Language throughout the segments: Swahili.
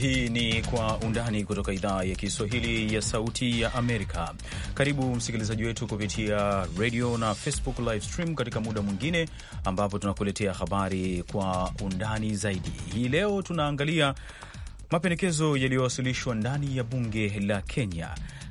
Hii ni Kwa Undani kutoka idhaa ya Kiswahili ya Sauti ya Amerika. Karibu msikilizaji wetu kupitia radio na Facebook live stream katika muda mwingine ambapo tunakuletea habari kwa undani zaidi. Hii leo tunaangalia mapendekezo yaliyowasilishwa ndani ya bunge la Kenya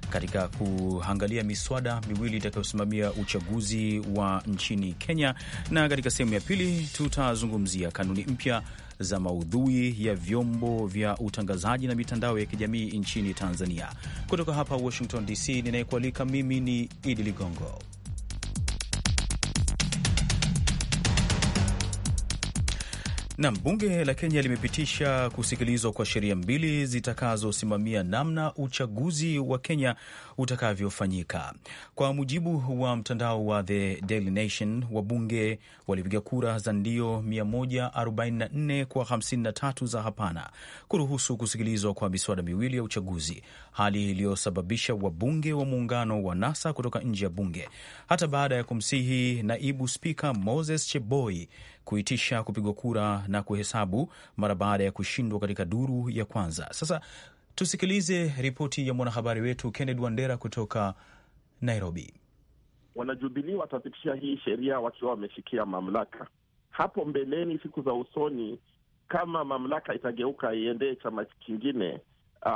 katika kuangalia miswada miwili itakayosimamia uchaguzi wa nchini Kenya, na katika sehemu ya pili tutazungumzia kanuni mpya za maudhui ya vyombo vya utangazaji na mitandao ya kijamii nchini Tanzania. Kutoka hapa Washington DC, ninayekualika mimi ni Idi Ligongo. Nam, bunge la Kenya limepitisha kusikilizwa kwa sheria mbili zitakazosimamia namna uchaguzi wa Kenya utakavyofanyika. Kwa mujibu wa mtandao wa The Daily Nation, wabunge walipiga kura za ndio 144 kwa 53 za hapana kuruhusu kusikilizwa kwa miswada miwili ya uchaguzi, hali iliyosababisha wabunge wa muungano wa NASA kutoka nje ya bunge hata baada ya kumsihi naibu spika Moses Cheboi kuitisha kupigwa kura na kuhesabu mara baada ya kushindwa katika duru ya kwanza. Sasa tusikilize ripoti ya mwanahabari wetu Kennedy Wandera kutoka Nairobi. Wanajubilii watapitisha hii sheria wakiwa wameshikia mamlaka. Hapo mbeleni, siku za usoni, kama mamlaka itageuka iendee chama kingine, uh,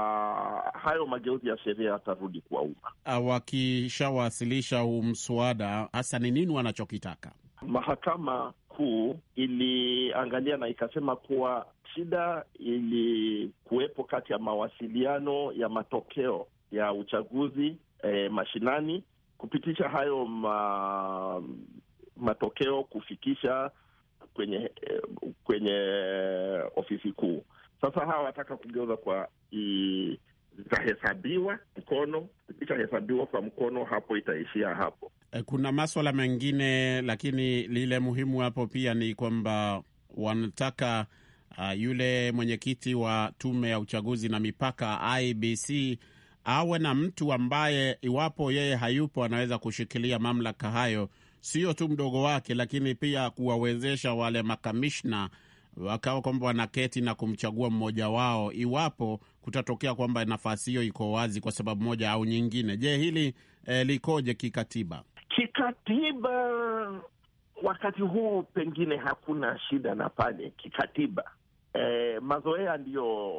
hayo mageuzi ya sheria yatarudi kwa umma. Ah, wakishawasilisha huu mswada, hasa ni nini wanachokitaka? Mahakama kuu iliangalia na ikasema kuwa shida ilikuwepo kati ya mawasiliano ya matokeo ya uchaguzi e, mashinani, kupitisha hayo ma, matokeo kufikisha kwenye eh, kwenye ofisi kuu. Sasa hawa wataka kugeuza kwa i, zitahesabiwa mkono, ikishahesabiwa kwa mkono hapo itaishia hapo. Eh, kuna maswala mengine, lakini lile muhimu hapo pia ni kwamba wanataka uh, yule mwenyekiti wa tume ya uchaguzi na mipaka IBC awe na mtu ambaye iwapo yeye hayupo anaweza kushikilia mamlaka hayo, sio tu mdogo wake, lakini pia kuwawezesha wale makamishna wakawa kwamba wanaketi na kumchagua mmoja wao iwapo kutatokea kwamba nafasi hiyo iko wazi kwa sababu moja au nyingine. Je, hili eh, likoje kikatiba? Kikatiba wakati huu pengine hakuna shida na pale kikatiba. E, mazoea ndiyo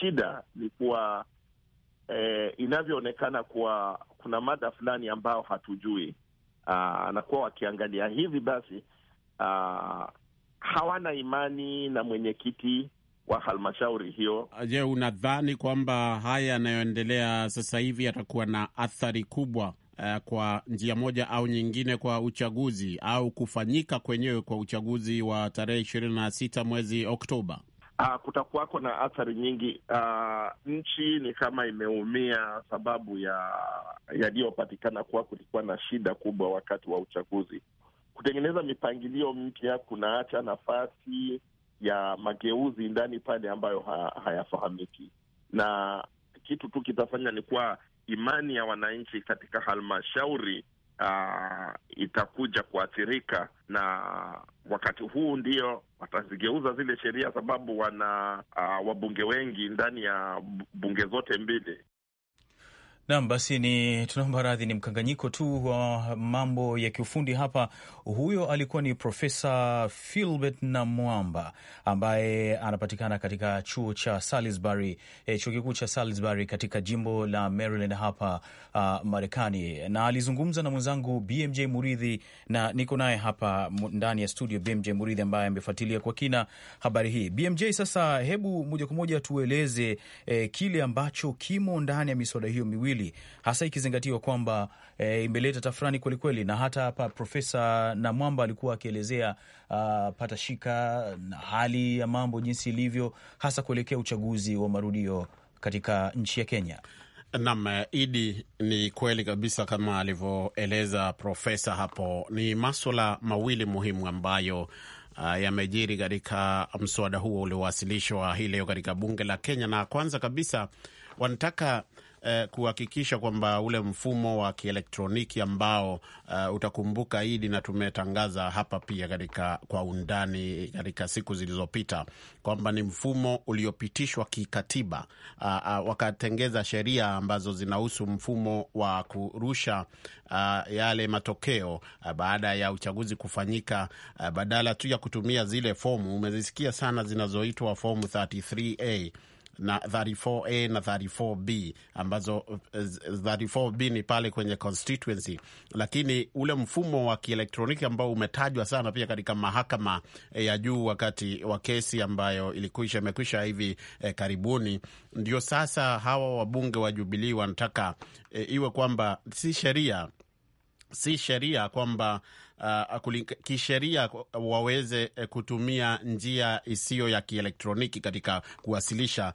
shida ni kuwa e, inavyoonekana kuwa kuna mada fulani ambayo hatujui anakuwa ah, wakiangalia hivi basi aa, ah, hawana imani na mwenyekiti wa halmashauri hiyo. Ah, je, unadhani kwamba haya yanayoendelea sasa hivi yatakuwa na athari kubwa uh, kwa njia moja au nyingine kwa uchaguzi au kufanyika kwenyewe kwa uchaguzi wa tarehe ishirini na sita mwezi Oktoba? Uh, kutakuwako na athari nyingi. Uh, nchi ni kama imeumia sababu ya yaliyopatikana kuwa kulikuwa na shida kubwa wakati wa uchaguzi. Kutengeneza mipangilio mpya kunaacha nafasi ya mageuzi ndani pale ambayo ha, hayafahamiki, na kitu tu kitafanya ni kuwa imani ya wananchi katika halmashauri uh, itakuja kuathirika, na wakati huu ndio watazigeuza zile sheria, sababu wana uh, wabunge wengi ndani ya bunge zote mbili Naam, basi ni tunaomba radhi, ni mkanganyiko tu wa uh, mambo ya kiufundi hapa. Huyo alikuwa ni Profesa Philbert Namwamba ambaye anapatikana katika chuo cha Salisbury, eh, chuo kikuu cha Salisbury katika jimbo la Maryland hapa uh, Marekani, na alizungumza na mwenzangu BMJ Muridhi na niko naye hapa ndani ya studio BMJ Muridhi ambaye amefuatilia kwa kina habari hii. BMJ, sasa hebu moja kwa moja tueleze eh, kile ambacho kimo ndani ya miswada hiyo miwili kweli, hasa ikizingatiwa kwamba e, imeleta tafurani kwelikweli, na hata hapa Profesa Namwamba alikuwa akielezea uh, patashika na hali ya mambo jinsi ilivyo, hasa kuelekea uchaguzi wa marudio katika nchi ya Kenya. Nam Idi, ni kweli kabisa kama alivyoeleza profesa hapo. Ni maswala mawili muhimu ambayo uh, yamejiri katika mswada huo uliowasilishwa hii leo katika bunge la Kenya, na kwanza kabisa wanataka eh, kuhakikisha kwamba ule mfumo wa kielektroniki ambao eh, utakumbuka Idi, na tumetangaza hapa pia katika kwa undani katika siku zilizopita kwamba ni mfumo uliopitishwa kikatiba, uh, uh, wakatengeza sheria ambazo zinahusu mfumo wa kurusha uh, yale matokeo uh, baada ya uchaguzi kufanyika uh, badala tu ya kutumia zile fomu umezisikia sana zinazoitwa fomu 33A na 34A na 34B ambazo 34B eh, ni pale kwenye constituency, lakini ule mfumo wa kielektroniki ambao umetajwa sana pia katika mahakama eh, ya juu wakati wa kesi ambayo ilikuisha imekwisha hivi eh, karibuni, ndio sasa hawa wabunge wa Jubilii wanataka eh, iwe kwamba si sheria si sheria kwamba uh, kisheria waweze eh, kutumia njia isiyo ya kielektroniki katika kuwasilisha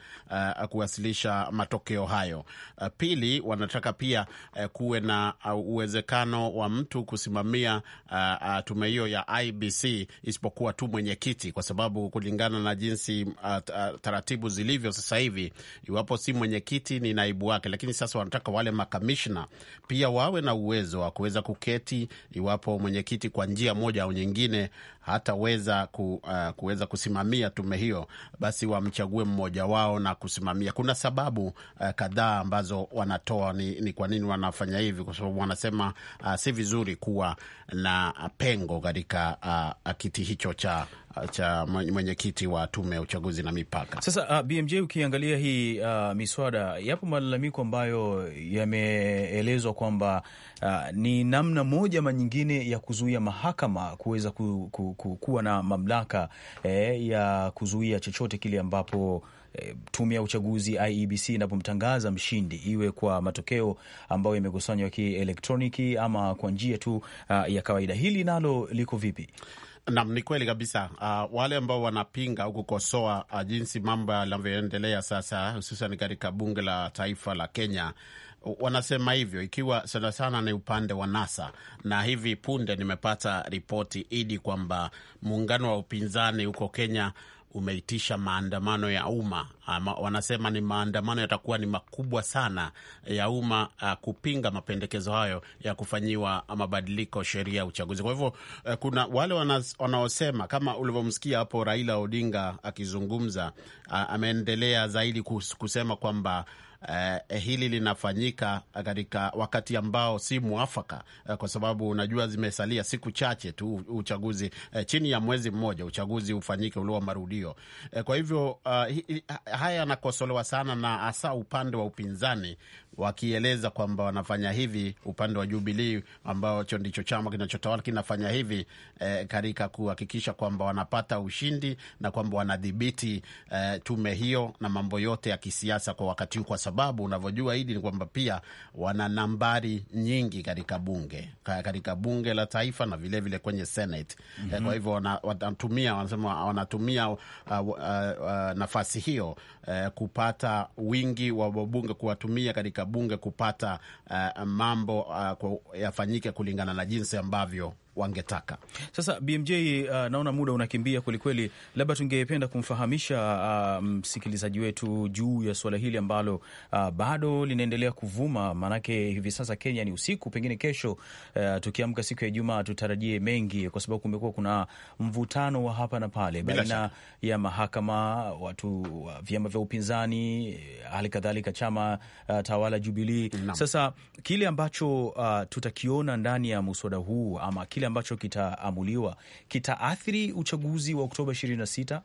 uh, kuwasilisha matokeo hayo. Uh, pili, wanataka pia uh, kuwe na uh, uwezekano wa mtu kusimamia uh, uh, tume hiyo ya IBC isipokuwa tu mwenyekiti, kwa sababu kulingana na jinsi uh, uh, taratibu zilivyo sasa hivi, iwapo si mwenyekiti ni naibu wake. Lakini sasa wanataka wale makamishna pia wawe na uwezo wa kuweza kuketi iwapo mwenyekiti kiti kwa njia moja au nyingine hataweza ku, uh, kuweza kusimamia tume hiyo, basi wamchague mmoja wao na kusimamia. Kuna sababu uh, kadhaa ambazo wanatoa ni, ni kwa nini wanafanya hivi, kwa sababu wanasema uh, si vizuri kuwa na pengo katika uh, kiti hicho cha Uh, cha mwenyekiti wa tume ya uchaguzi na mipaka. Sasa uh, BMJ ukiangalia hii uh, miswada, yapo malalamiko ambayo yameelezwa kwamba uh, ni namna moja ama nyingine ya kuzuia mahakama kuweza ku, ku, ku, kuwa na mamlaka eh, ya kuzuia chochote kile ambapo eh, tume ya uchaguzi IEBC inapomtangaza mshindi, iwe kwa matokeo ambayo yamekusanywa kielektroniki ama kwa njia tu uh, ya kawaida. Hili nalo liko vipi? Naam, ni kweli kabisa. Uh, wale ambao wanapinga au kukosoa uh, jinsi mambo yanavyoendelea sasa, hususan katika bunge la taifa la Kenya wanasema hivyo, ikiwa sana sana ni upande wa NASA. Na hivi punde nimepata ripoti idi kwamba muungano wa upinzani huko Kenya umeitisha maandamano ya umma wanasema ni maandamano yatakuwa ni makubwa sana ya umma uh, kupinga mapendekezo hayo ya kufanyiwa mabadiliko sheria ya uchaguzi. Kwa hivyo uh, kuna wale wanaosema kama ulivyomsikia hapo Raila Odinga akizungumza uh, ameendelea zaidi kusema kwamba Eh, eh, hili linafanyika katika wakati ambao si mwafaka eh, kwa sababu unajua zimesalia siku chache tu uchaguzi eh, chini ya mwezi mmoja uchaguzi ufanyike ulio marudio eh, kwa hivyo uh, hi, haya yanakosolewa sana na hasa upande wa upinzani wakieleza kwamba wanafanya hivi, upande wa Jubilii ambacho ndicho chama kinachotawala kinafanya hivi e, katika kuhakikisha kwamba wanapata ushindi na kwamba wanadhibiti e, tume hiyo na mambo yote ya kisiasa kwa wakati huu kwa sababu sababu unavyojua Idi ni kwamba pia wana nambari nyingi katika bunge katika bunge la taifa na vilevile vile kwenye Senate mm -hmm. Kwa hivyo wanatumia wanasema wanatumia uh, uh, uh, nafasi hiyo uh, kupata wingi wa wabunge kuwatumia katika bunge kupata uh, mambo uh, yafanyike kulingana na jinsi ambavyo wangetaka. Sasa BMJ, uh, naona muda unakimbia kwelikweli, labda tungependa kumfahamisha uh, msikilizaji wetu juu ya suala hili ambalo uh, bado linaendelea kuvuma, maanake hivi sasa Kenya ni usiku, pengine kesho uh, tukiamka siku ya Ijumaa tutarajie mengi, kwa sababu kumekuwa kuna mvutano wa hapa na pale baina ya mahakama, watu, vyama vya upinzani, eh, hali kadhalika chama uh, tawala Jubilii. Sasa kile ambacho uh, tutakiona ndani ya muswada huu ama kile kile ambacho kitaamuliwa kitaathiri uchaguzi wa Oktoba 26?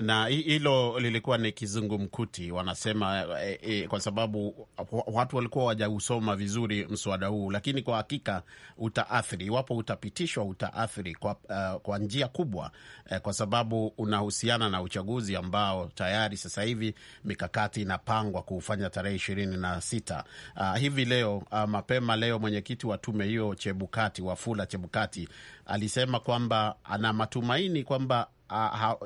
Na hilo lilikuwa ni kizungumkuti wanasema, e, e, kwa sababu watu walikuwa wajausoma vizuri mswada huu, lakini kwa hakika utaathiri, iwapo utapitishwa, utaathiri kwa, uh, kwa njia kubwa eh, kwa sababu unahusiana na uchaguzi ambao tayari sasa hivi mikakati inapangwa kuufanya tarehe ishirini na sita. Uh, hivi leo uh, mapema leo mwenyekiti wa tume hiyo Chebukati Wafula Chebukati kati alisema kwamba ana matumaini kwamba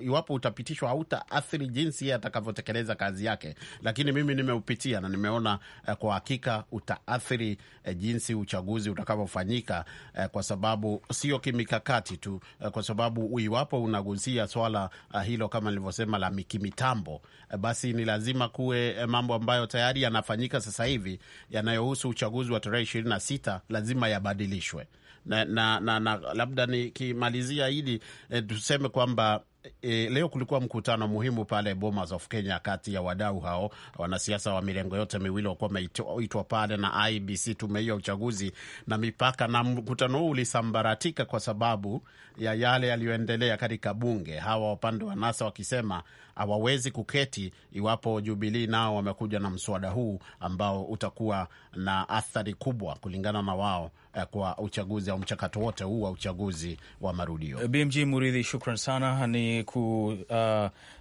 iwapo utapitishwa hautaathiri jinsi atakavyotekeleza kazi yake, lakini mimi nimeupitia na nimeona eh, kwa hakika utaathiri eh, jinsi uchaguzi utakavyofanyika eh, kwa sababu sio kimikakati tu eh, kwa sababu iwapo unagusia swala eh, hilo kama nilivyosema la mikimitambo eh, basi ni lazima kuwe eh, mambo ambayo tayari yanafanyika sasa hivi yanayohusu uchaguzi wa tarehe ishirini na sita lazima yabadilishwe na, na, na, na labda nikimalizia hili e, tuseme kwamba E, leo kulikuwa mkutano muhimu pale Bomas of Kenya kati ya wadau hao wanasiasa wa mirengo yote miwili wakuwa wameitwa pale na IBC, tume hiyo ya uchaguzi na mipaka, na mkutano huu ulisambaratika kwa sababu ya yale yaliyoendelea katika bunge, hawa upande wa NASA wakisema hawawezi kuketi iwapo Jubilii nao wamekuja na mswada huu ambao utakuwa na athari kubwa kulingana na wao Eh, kwa uchaguzi au mchakato wote huu wa uchaguzi wa marudio. Eh, BMG Muridhi, shukran sana. Ni, ku, uh,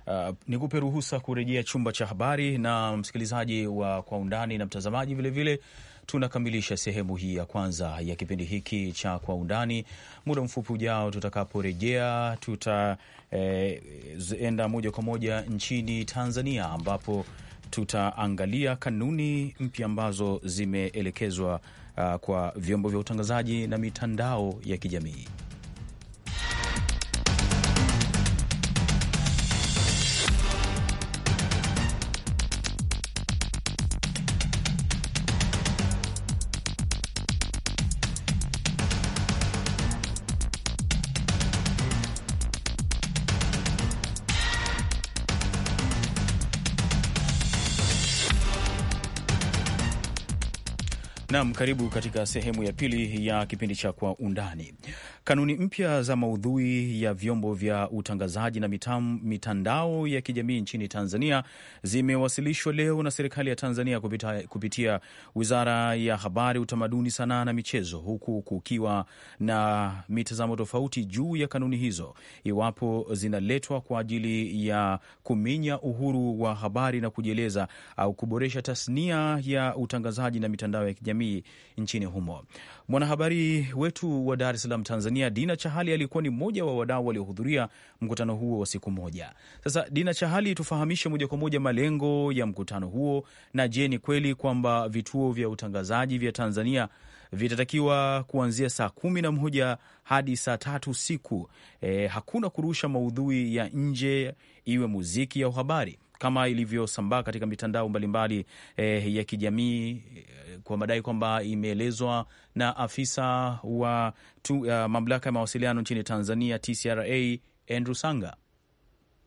uh, ni kupe ruhusa kurejea chumba cha habari na msikilizaji wa Kwa Undani na mtazamaji vilevile vile. Tunakamilisha sehemu hii ya kwanza ya kipindi hiki cha Kwa Undani. Muda mfupi ujao, tutakaporejea tutaenda eh, moja kwa moja nchini Tanzania ambapo tutaangalia kanuni mpya ambazo zimeelekezwa uh, kwa vyombo vya utangazaji na mitandao ya kijamii. Nam, karibu katika sehemu ya pili ya kipindi cha Kwa Undani. Kanuni mpya za maudhui ya vyombo vya utangazaji na mitam, mitandao ya kijamii nchini Tanzania zimewasilishwa leo na serikali ya Tanzania kupita, kupitia Wizara ya Habari, Utamaduni, Sanaa na Michezo, huku kukiwa na mitazamo tofauti juu ya kanuni hizo, iwapo zinaletwa kwa ajili ya kuminya uhuru wa habari na kujieleza au kuboresha tasnia ya utangazaji na mitandao ya kijamii hii nchini humo. Mwanahabari wetu wa Dar es Salaam, Tanzania, Dina Chahali alikuwa ni mmoja wa wadau waliohudhuria mkutano huo wa siku moja. Sasa Dina Chahali, tufahamishe moja kwa moja malengo ya mkutano huo, na je, ni kweli kwamba vituo vya utangazaji vya Tanzania vitatakiwa kuanzia saa kumi na moja hadi saa tatu siku E, eh, hakuna kurusha maudhui ya nje, iwe muziki au habari kama ilivyosambaa katika mitandao mbalimbali eh, ya kijamii eh, kwa madai kwamba imeelezwa na afisa wa tu, uh, mamlaka ya mawasiliano nchini Tanzania TCRA Andrew Sanga.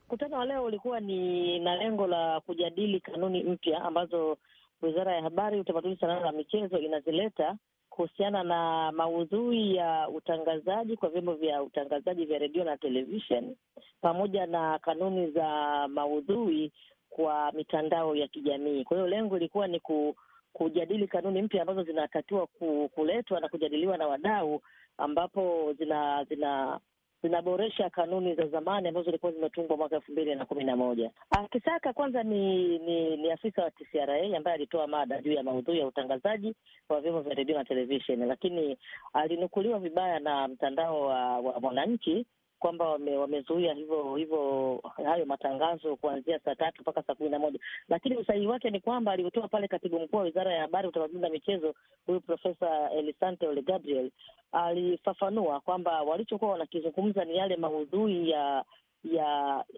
Mkutano wa leo ulikuwa ni na lengo la kujadili kanuni mpya ambazo Wizara ya Habari, Utamaduni, Sanaa na Michezo inazileta kuhusiana na maudhui ya utangazaji kwa vyombo vya utangazaji vya redio na televisheni pamoja na kanuni za maudhui kwa mitandao ya kijamii. Kwa hiyo lengo ilikuwa ni ku, kujadili kanuni mpya ambazo zinatakiwa kuletwa na kujadiliwa na wadau ambapo zina, zina zinaboresha kanuni za zamani ambazo zilikuwa zimetungwa mwaka elfu mbili na kumi na moja. kisaka kwanza ni ni, ni afisa wa TCRA ambaye alitoa mada juu ya maudhui ya utangazaji wa vyombo vya redio na televisheni, lakini alinukuliwa vibaya na mtandao wa, wa Mwananchi kwamba wame, wamezuia hivyo hivyo hayo matangazo kuanzia saa tatu mpaka saa kumi na moja lakini usahihi wake ni kwamba aliotoa pale katibu mkuu wa wizara ya habari, utamaduni na michezo, huyu Profesa Elisante Ole Gabriel alifafanua kwamba walichokuwa wanakizungumza ni yale maudhui ya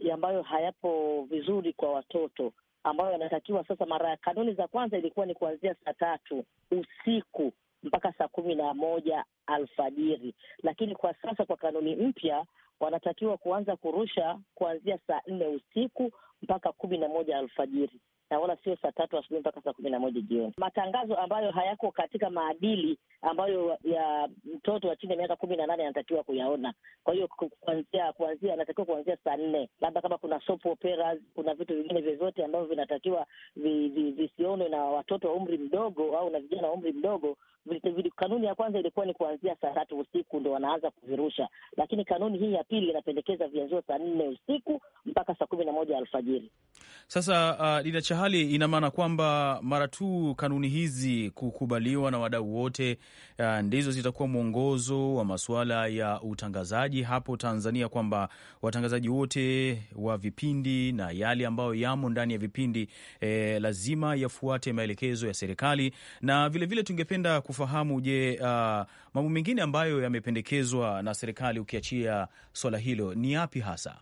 ya ambayo hayapo vizuri kwa watoto ambayo yanatakiwa sasa. Mara ya kanuni za kwanza ilikuwa ni kuanzia saa tatu usiku mpaka saa kumi na moja alfajiri, lakini kwa sasa kwa kanuni mpya wanatakiwa kuanza kurusha kuanzia saa nne usiku mpaka kumi na moja alfajiri na wala sio saa tatu asubuhi mpaka saa kumi na moja jioni. Matangazo ambayo hayako katika maadili ambayo ya mtoto wa chini ya miaka kumi na nane anatakiwa kuyaona. Kwa hiyo kuanzia kuanzia anatakiwa kuanzia saa nne, labda kama kuna soap operas, kuna vitu vingine vyovyote ambavyo vinatakiwa visionwe vi, vi na watoto wa umri mdogo au na vijana wa umri mdogo, Kanuni ya kwanza ilikuwa ni kuanzia saa tatu usiku ndo wanaanza kuvirusha, lakini kanuni hii ya pili inapendekeza vianzia saa nne usiku mpaka saa kumi na moja alfajiri. Sasa uh, Chahali, ina maana kwamba mara tu kanuni hizi kukubaliwa na wadau wote, uh, ndizo zitakuwa mwongozo wa masuala ya utangazaji hapo Tanzania, kwamba watangazaji wote wa vipindi na yale ambayo yamo ndani ya vipindi eh, lazima yafuate maelekezo ya serikali na vilevile vile tungependa kufahamu, je, uh, mambo mengine ambayo yamependekezwa na serikali ukiachia swala hilo ni yapi hasa?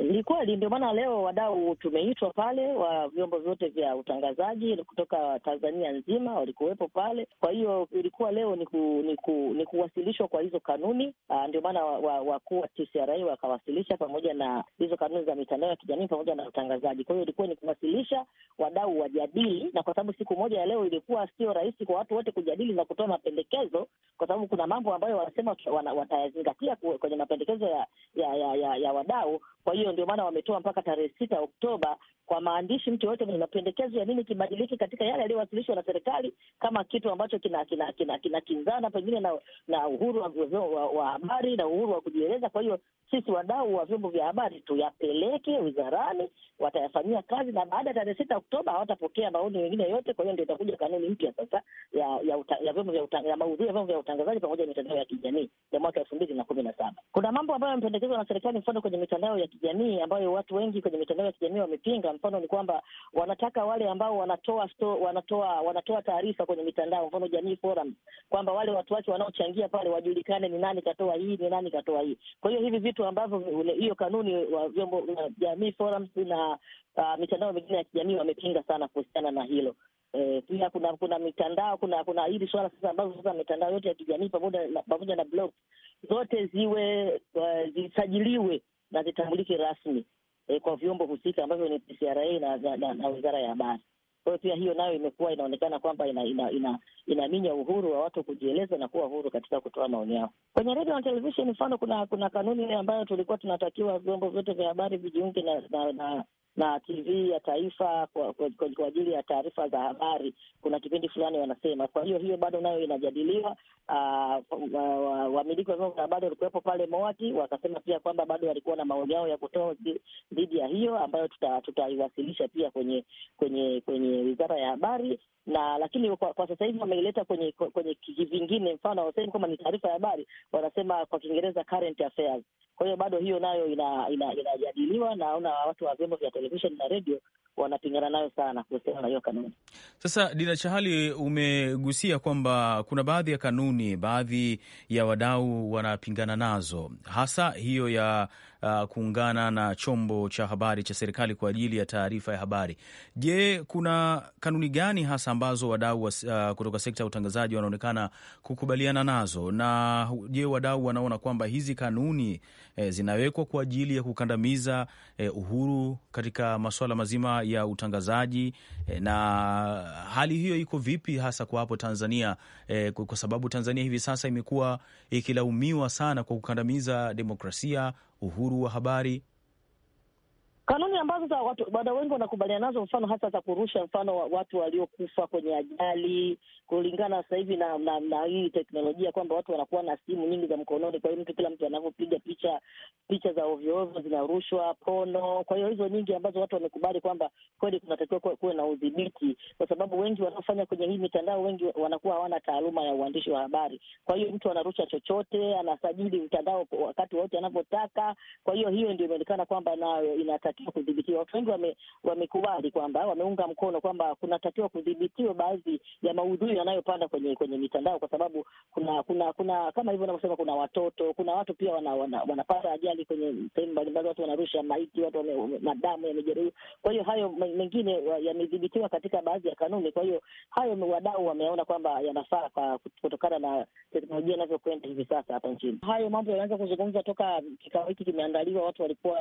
Eh, ni kweli, ndio maana leo wadau tumeitwa pale, wa vyombo vyote vya utangazaji kutoka Tanzania nzima walikuwepo pale. Kwa hiyo ilikuwa leo ni, ku, ni, ku, ni kuwasilishwa kwa hizo kanuni, ah, ndio maana wakuu wa TCRA wakawasilisha pamoja na hizo kanuni za mitandao ya kijamii pamoja na utangazaji. Kwa hiyo ilikuwa ni kuwasilisha, wadau wajadili, na kwa sababu siku moja ya leo ilikuwa sio rahisi kwa watu wote kujadili na kutoa mapendekezo, kwa sababu kuna mambo ambayo wanasema watayazingatia kwenye mapendekezo ya, ya, ya, ya, ya wadau. Kwa hiyo ndio maana wametoa mpaka tarehe sita Oktoba kwa maandishi, mtu yoyote mwenye mapendekezo ya nini kibadiliki katika yale yaliyowasilishwa na serikali, kama kitu ambacho kina kina kina pengine na na uhuru wa habari na uhuru wa kujieleza. Kwa hiyo sisi wadau wa vyombo vya habari tuyapeleke wizarani, watayafanyia kazi, na baada ya tarehe sita Oktoba hawatapokea maoni mengine yote. Kwa hiyo ndio itakuja kanuni mpya sasa ya ya vyombo vya maudhui ya vyombo vya utangazaji pamoja na mitandao ya kijamii ya mwaka elfu mbili na kumi na saba. Kuna mambo ambayo yamependekezwa na serikali, mfano kwenye mitandao ya kijamii ambayo watu wengi kwenye mitandao ya kijamii wamepinga. Mfano ni kwamba wanataka wale ambao wanatoa sto, wanatoa wanatoa taarifa kwenye mitandao, mfano Jamii Forum, kwamba wale watu wake wanaochangia pale wajulikane ni nani katoa hii, ni nani katoa hii. Kwa hiyo hivi vitu vitu ambavyo hiyo kanuni wa vyombo vya jamii forums na uh, mitandao mingine ya kijamii wamepinga sana kuhusiana na hilo. E, pia kuna kuna mitandao kuna kuna hili swala sasa ambazo sasa mitandao yote ya kijamii pamoja na, pamoja na blog zote ziwe uh, zisajiliwe na zitambulike rasmi e, kwa vyombo husika ambavyo ni TCRA na, na, na, na Wizara ya Habari. Kwa hiyo pia hiyo nayo imekuwa inaonekana kwamba inaminya ina, ina, ina uhuru wa watu kujieleza na kuwa huru katika kutoa maoni yao kwenye redio na televisheni. Mfano, kuna kuna kanuni ambayo tulikuwa tunatakiwa vyombo vyote vya habari vijiunge na, na, na na TV ya taifa kwa, kwa, kwa, ajili ya taarifa za habari. Kuna kipindi fulani wanasema, kwa hiyo hiyo bado nayo inajadiliwa. Ah, wamiliki wa vyombo vya habari walikuwepo pale MOAKI wakasema pia kwamba bado walikuwa na maoni yao ya kutoa dhidi ya hiyo ambayo tutaiwasilisha tuta pia kwenye kwenye kwenye wizara ya habari na lakini kwa, kwa sasa hivi wameileta kwenye kwenye vingine, mfano wasemi kwamba ni taarifa ya habari, wanasema kwa Kiingereza current affairs. Kwa hiyo bado hiyo nayo inajadiliwa ina, ina, ina na naona watu wa vyombo vya televisheni television na redio wanapingana nayo sana kuhusiana na hiyo kanuni. Sasa Dina Chahali, umegusia kwamba kuna baadhi ya kanuni, baadhi ya wadau wanapingana nazo, hasa hiyo ya uh, kuungana na chombo cha habari cha serikali kwa ajili ya taarifa ya habari. Je, kuna kanuni gani hasa ambazo wadau uh, kutoka sekta ya utangazaji wanaonekana kukubaliana nazo, na je, wadau wanaona kwamba hizi kanuni eh, zinawekwa kwa ajili ya kukandamiza eh, uhuru katika masuala mazima ya utangazaji eh, na hali hiyo iko vipi hasa kwa hapo Tanzania eh, kwa sababu Tanzania hivi sasa imekuwa ikilaumiwa sana kwa kukandamiza demokrasia uhuru wa habari, kanuni ambazo za watu bado wengi wanakubaliana nazo, mfano hasa za kurusha, mfano watu waliokufa kwenye ajali, kulingana sasa hivi na, na, na hii teknolojia kwamba watu wanakuwa na simu nyingi za mkononi. Kwa hiyo mtu kila mtu anavyopiga picha, picha za ovyoovyo zinarushwa pono. Kwa hiyo hizo nyingi ambazo watu wamekubali kwamba kweli kunatakiwa kuwe na udhibiti, kwa sababu wengi wanaofanya kwenye hii mitandao, wengi wanakuwa hawana taaluma ya uandishi wa habari. Kwa hiyo mtu anarusha chochote, anasajili mtandao wakati wote anavyotaka. Kwa hiyo hiyo ndio imeonekana kwamba nayo inatakiwa inatakiwa kudhibitiwa. Watu wengi wame, kwamba wameunga mkono kwamba kunatakiwa kudhibitiwa baadhi ya maudhui yanayopanda kwenye kwenye mitandao, kwa sababu kuna kuna kuna kama hivyo unavyosema, kuna watoto, kuna watu pia wana, wana, wanapata ajali kwenye sehemu mbalimbali, watu wanarusha maiti, watu wame, madamu yamejeruhiwa. Kwa hiyo hayo mengine yamedhibitiwa katika baadhi ya kanuni. Kwa hiyo hayo wadau wameona kwamba yanafaa kwa kutokana na teknolojia inavyokwenda hivi sasa hapa nchini. Hayo mambo yanaanza kuzungumzwa toka kikao hiki kimeandaliwa, watu walikuwa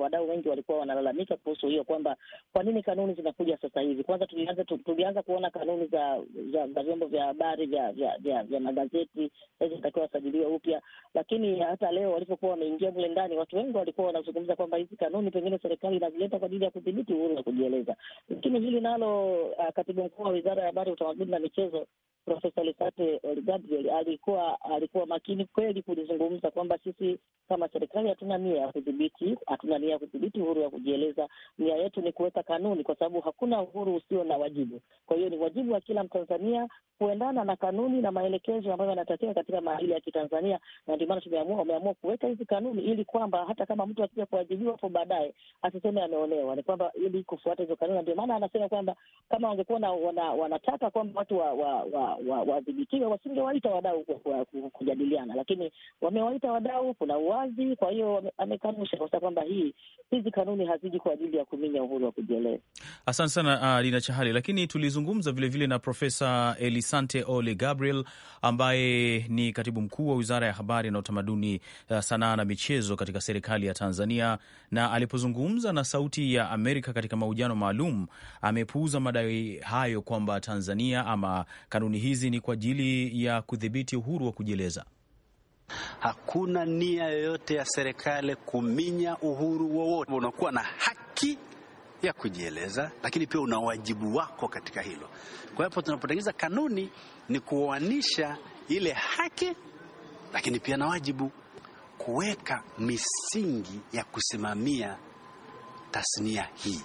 wadau wengi walikuwa walikuwa wanalalamika kuhusu hiyo kwamba kwa nini kanuni zinakuja sasa hivi. Kwanza tulianza tulianza kuona kanuni za za za vyombo vya habari vya vya vya vya magazeti zinatakiwa wasajiliwe upya, lakini hata leo walipokuwa wameingia mle ndani, watu wengi walikuwa wanazungumza kwamba hizi kanuni pengine serikali inazileta kwa ajili ya kudhibiti uhuru wa kujieleza. Lakini hili nalo, uh, katibu mkuu wa wizara ya habari, utamaduni na michezo Profesa Lisate Gabriel alikuwa alikuwa makini kweli kulizungumza kwamba sisi kama serikali hatuna nia ya kudhibiti, hatuna nia ya kudhibiti uhuru wa kujieleza. Nia yetu ni kuweka kanuni, kwa sababu hakuna uhuru usio na wajibu. Kwa hiyo ni wajibu wa kila Mtanzania kuendana na kanuni na maelekezo ambayo yanatakiwa katika maadili ya Kitanzania, na ndio maana tumeamua, wameamua kuweka hizi kanuni ili kwamba hata kama mtu akija kuwajibiwa hapo baadaye asiseme ameonewa, ni kwamba ili kufuata hizo kanuni. Ndio maana anasema kwamba kama wangekuwa wana, wanataka kwamba watu wadhibitiwe wa, wa, wa, wa wasingewaita wadau kujadiliana, lakini wamewaita wadau, kuna uwazi. Kwa hiyo amekanusha kwamba hii hizi kanuni haziji kwa ajili ya kuminya uhuru wa kujieleza. Asante sana uh, Dina Chahali. Lakini tulizungumza vilevile na Profesa Elisante Ole Gabriel ambaye ni katibu mkuu wa Wizara ya Habari na Utamaduni, uh, Sanaa na Michezo katika serikali ya Tanzania, na alipozungumza na Sauti ya Amerika katika mahojiano maalum amepuuza madai hayo kwamba Tanzania ama kanuni hizi ni kwa ajili ya kudhibiti uhuru wa kujieleza. Hakuna nia yoyote ya serikali kuminya uhuru wowote. Unakuwa na haki ya kujieleza, lakini pia una wajibu wako katika hilo. Kwa hiyo tunapotengeza kanuni ni kuoanisha ile haki, lakini pia na wajibu, kuweka misingi ya kusimamia tasnia hii.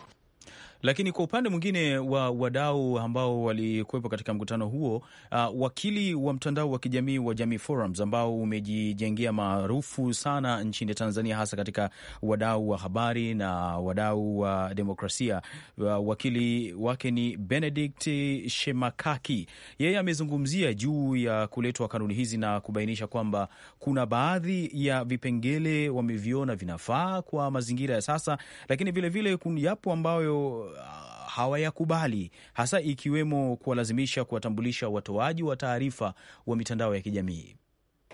Lakini kwa upande mwingine wa wadau ambao walikuwepo katika mkutano huo, uh, wakili wa mtandao wa kijamii wa Jamii Forums ambao umejijengea maarufu sana nchini Tanzania, hasa katika wadau wa habari na wadau wa demokrasia, uh, wakili wake ni Benedict Shemakaki. Yeye amezungumzia juu ya kuletwa kanuni hizi na kubainisha kwamba kuna baadhi ya vipengele wameviona vinafaa kwa mazingira ya sasa, lakini vilevile yapo ambayo hawayakubali hasa ikiwemo kuwalazimisha kuwatambulisha watoaji wa taarifa wa mitandao ya kijamii.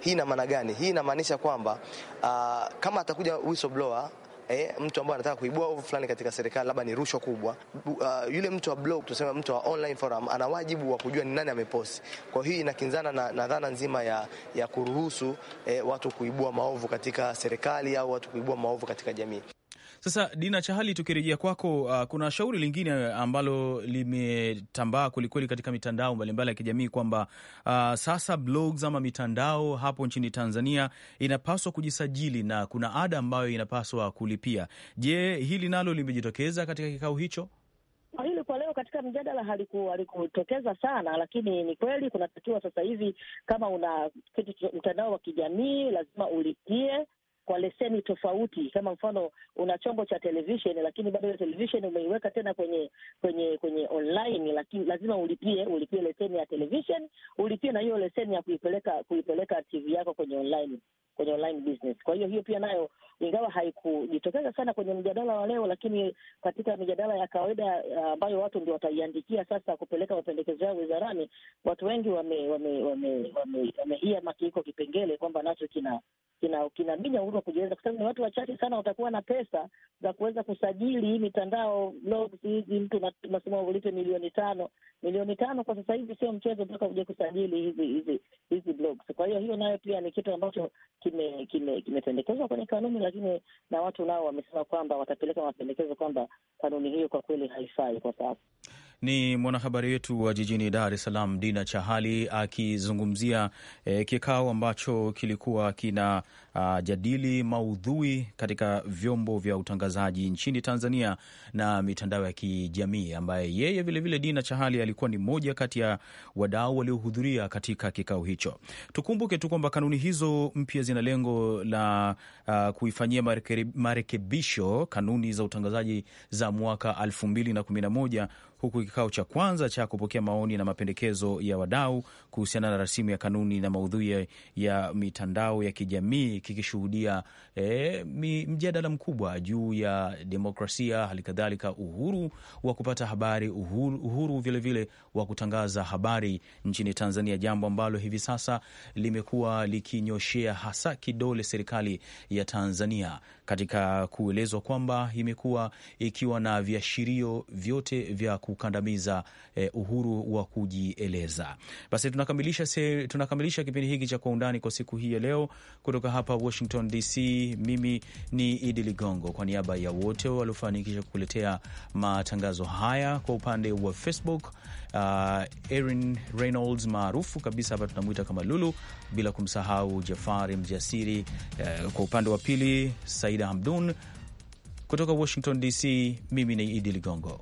Hii ina maana gani? Hii inamaanisha kwamba uh, kama atakuja whistleblower E, mtu ambaye anataka kuibua ovu fulani katika serikali, labda ni rushwa kubwa. Uh, yule mtu wa blog, tuseme mtu wa online forum, ana wajibu wa kujua ni nani ameposti. Kwa hiyo inakinzana na, na dhana nzima ya, ya kuruhusu eh, watu kuibua maovu katika serikali au watu kuibua maovu katika jamii. Sasa Dina Chahali, tukirejea kwako, uh, kuna shauri lingine ambalo limetambaa kwelikweli katika mitandao mbalimbali ya kijamii kwamba uh, sasa blogs ama mitandao hapo nchini Tanzania inapaswa kujisajili na kuna ada ambayo inapaswa kulipia. Je, hili nalo limejitokeza katika kikao hicho? Hili kwa leo katika mjadala halikutokeza sana, lakini ni kweli kunatakiwa sasa hivi, kama una kitu mtandao wa kijamii lazima ulipie kwa leseni tofauti. Kama mfano una chombo cha televisheni, lakini bado ile televisheni umeiweka tena kwenye kwenye kwenye online, lakini lazima ulipie ulipie leseni ya televishen ulipie na hiyo leseni ya kuipeleka kuipeleka TV yako kwenye online kwenye online business. Kwa hiyo hiyo pia nayo ingawa haikujitokeza sana kwenye mjadala wa leo, lakini katika mijadala ya kawaida eh, ambayo watu ndio wataiandikia sasa kupeleka mapendekezo yao wizarani, watu wengi wamehia wame, wame, wame, wame maki iko kipengele kwamba nacho kina kina kina kinaminya uhuru wa kujieleza, kwa sababu ni watu wachache sana watakuwa na pesa za kuweza kusajili hii mitandao blogs hizi. Mtu unasema ulipe milioni tano, milioni tano kwa sasa hivi sio mchezo mpaka uje kusajili hizi hizi hizi blogs. Kwa hiyo hiyo nayo pia ni kitu ambacho kimependekezwa kime, kime kwenye kanuni, lakini na watu nao wamesema kwamba watapeleka mapendekezo kwamba kanuni hiyo kwa kweli haifai kwa sasa. Ni mwanahabari wetu wa jijini Dar es Salaam, Dina Chahali akizungumzia eh, kikao ambacho kilikuwa kina uh, jadili maudhui katika vyombo vya utangazaji nchini Tanzania na mitandao ya kijamii, ambaye yeye vilevile Dina Chahali alikuwa ni mmoja kati ya wadau waliohudhuria katika kikao hicho. Tukumbuke tu kwamba kanuni hizo mpya zina lengo la uh, kuifanyia marekebisho kanuni za utangazaji za mwaka 2011 huku kikao cha kwanza cha kupokea maoni na mapendekezo ya wadau kuhusiana na rasimu ya kanuni na maudhui ya mitandao ya kijamii kikishuhudia e, mjadala mkubwa juu ya demokrasia, halikadhalika uhuru wa kupata habari, uhuru, uhuru vilevile wa kutangaza habari nchini Tanzania, jambo ambalo hivi sasa limekuwa likinyoshea hasa kidole serikali ya Tanzania katika kuelezwa kwamba imekuwa ikiwa na viashirio vyote vya kukandamiza eh, uhuru wa kujieleza. Basi tunakamilisha, tunakamilisha kipindi hiki cha Kwa Undani kwa siku hii ya leo kutoka hapa hapa Washington DC, mimi ni Idi Ligongo, kwa niaba ya wote waliofanikisha kukuletea matangazo haya kwa upande wa Facebook, uh, Erin Reynolds maarufu kabisa hapa tunamwita kama Lulu, bila kumsahau Jafari Mjasiri, uh, kwa upande wa pili Saida Hamdun kutoka Washington DC. Mimi ni Idi Ligongo.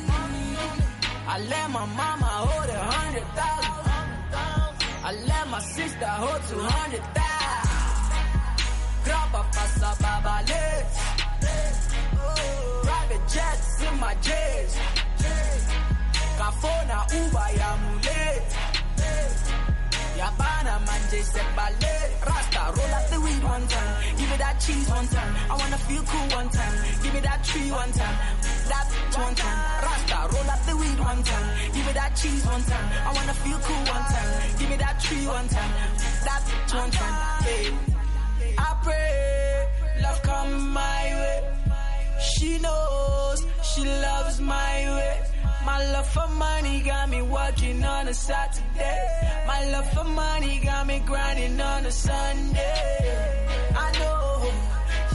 I let my mama hold a hundred thousand. I let my sister hold two hundred thousand. Grandpa passa babalets. Private jets in my jets. Kafona uba ya mulets. Gabbana, man, J said ballet. Rasta, roll up the weed one time. Give me that cheese one time. I wanna feel cool one time. Give me that tree one time. That one time. Rasta, roll up the weed one time. Give me that cheese one time. I wanna feel cool one time. Give me that tree one time. That one time. Hey, I pray love come my way. She knows she loves my way. My love for money got me working on a Saturday. My love for money got me grinding on a Sunday. I know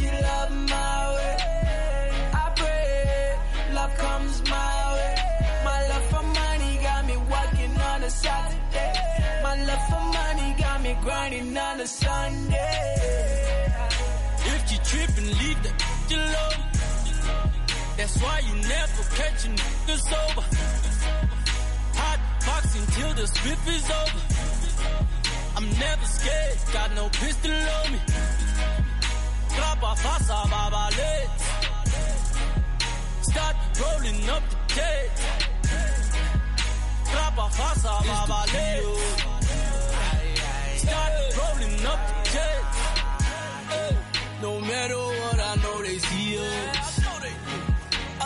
you love my way. I pray love comes my way. My love for money got me working on a Saturday. My love for money got me grinding on a Sunday. If you trippin', leave the alone that's why you never catch a nigga sober. Hot boxing till the strip is over. I'm never scared, got no pistol on me. Clap off, I saw my legs. Start rolling up the dead. Clap off, I saw my legs. Start rolling up the dead. No matter what, I know they see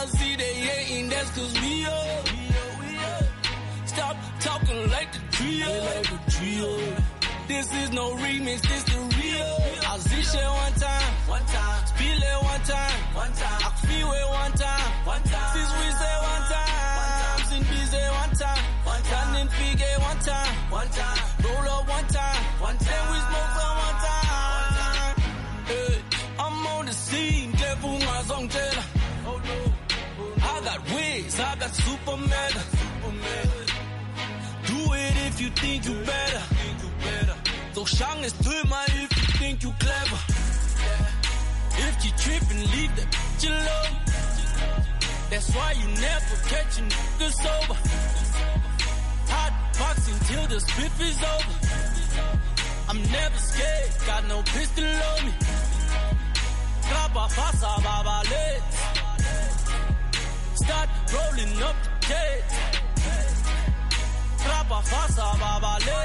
I see they hating, that's cause we up. Stop talking like the trio. Like the trio. This is no remix, this the real. I see shit one time, one time. Feel it one time, one time. I feel it one time, one time. Since we say one time, since we say one time, one time. One time. One time. Roll up one time, one time. Then we not Superman. Do it if you think you better. So shine is to my if you think you clever. If you trip and leave that bitch alone. That's why you never catch a nigga sober. Hot box until the spit is over. I'm never scared, got no pistol on me. Grab a ah, babale rolling up the gates. Trapa fasa, babale.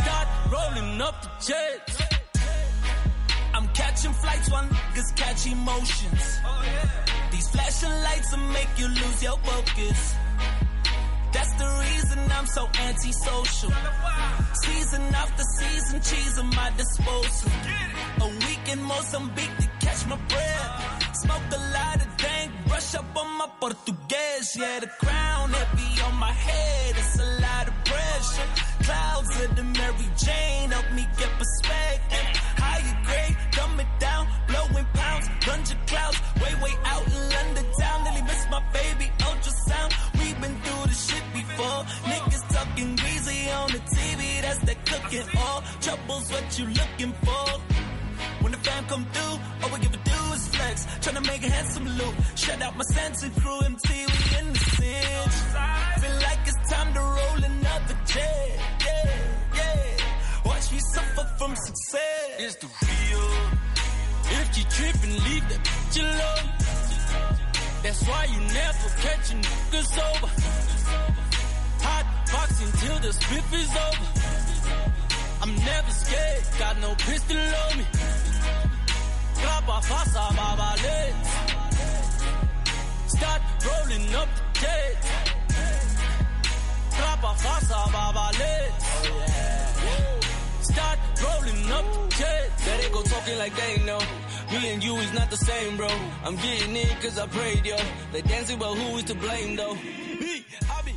Start rolling up the jet. I'm catching flights while niggas catch emotions. These flashing lights will make you lose your focus. That's the reason I'm so antisocial. Season after season, cheese at my disposal. A week in Mozambique to catch my breath. Smoke a lot of up on my Portuguese, yeah, the crown heavy on my head, it's a lot of pressure. Clouds of the Mary Jane help me get perspective. Higher grade, coming down, blowing pounds, lunge of clouds, way, way out in London town. Nearly miss my baby ultrasound. We've been through the shit before. Niggas talking greasy on the TV, that's that cooking all. Trouble's what you looking for damn come through. All we give a do is flex. Tryna make a handsome look. Shut out my Santa crew, MT, we in the city. Feel like it's time to roll another jet. Yeah, yeah. Watch me suffer from success. It's the real. If you trippin', leave that bitch alone. That's why you never catch a nigga sober. Hot box until the spiff is over. I'm never scared, got no pistol on me copper, fasa, babale. Start rolling up the dead. Copper, fasa, babale. Oh, yeah. Start rolling up the tape. That go talking like they know. Me and you is not the same, bro. I'm getting it cause I prayed, yo. They dancing, but who is to blame, though? Me, I be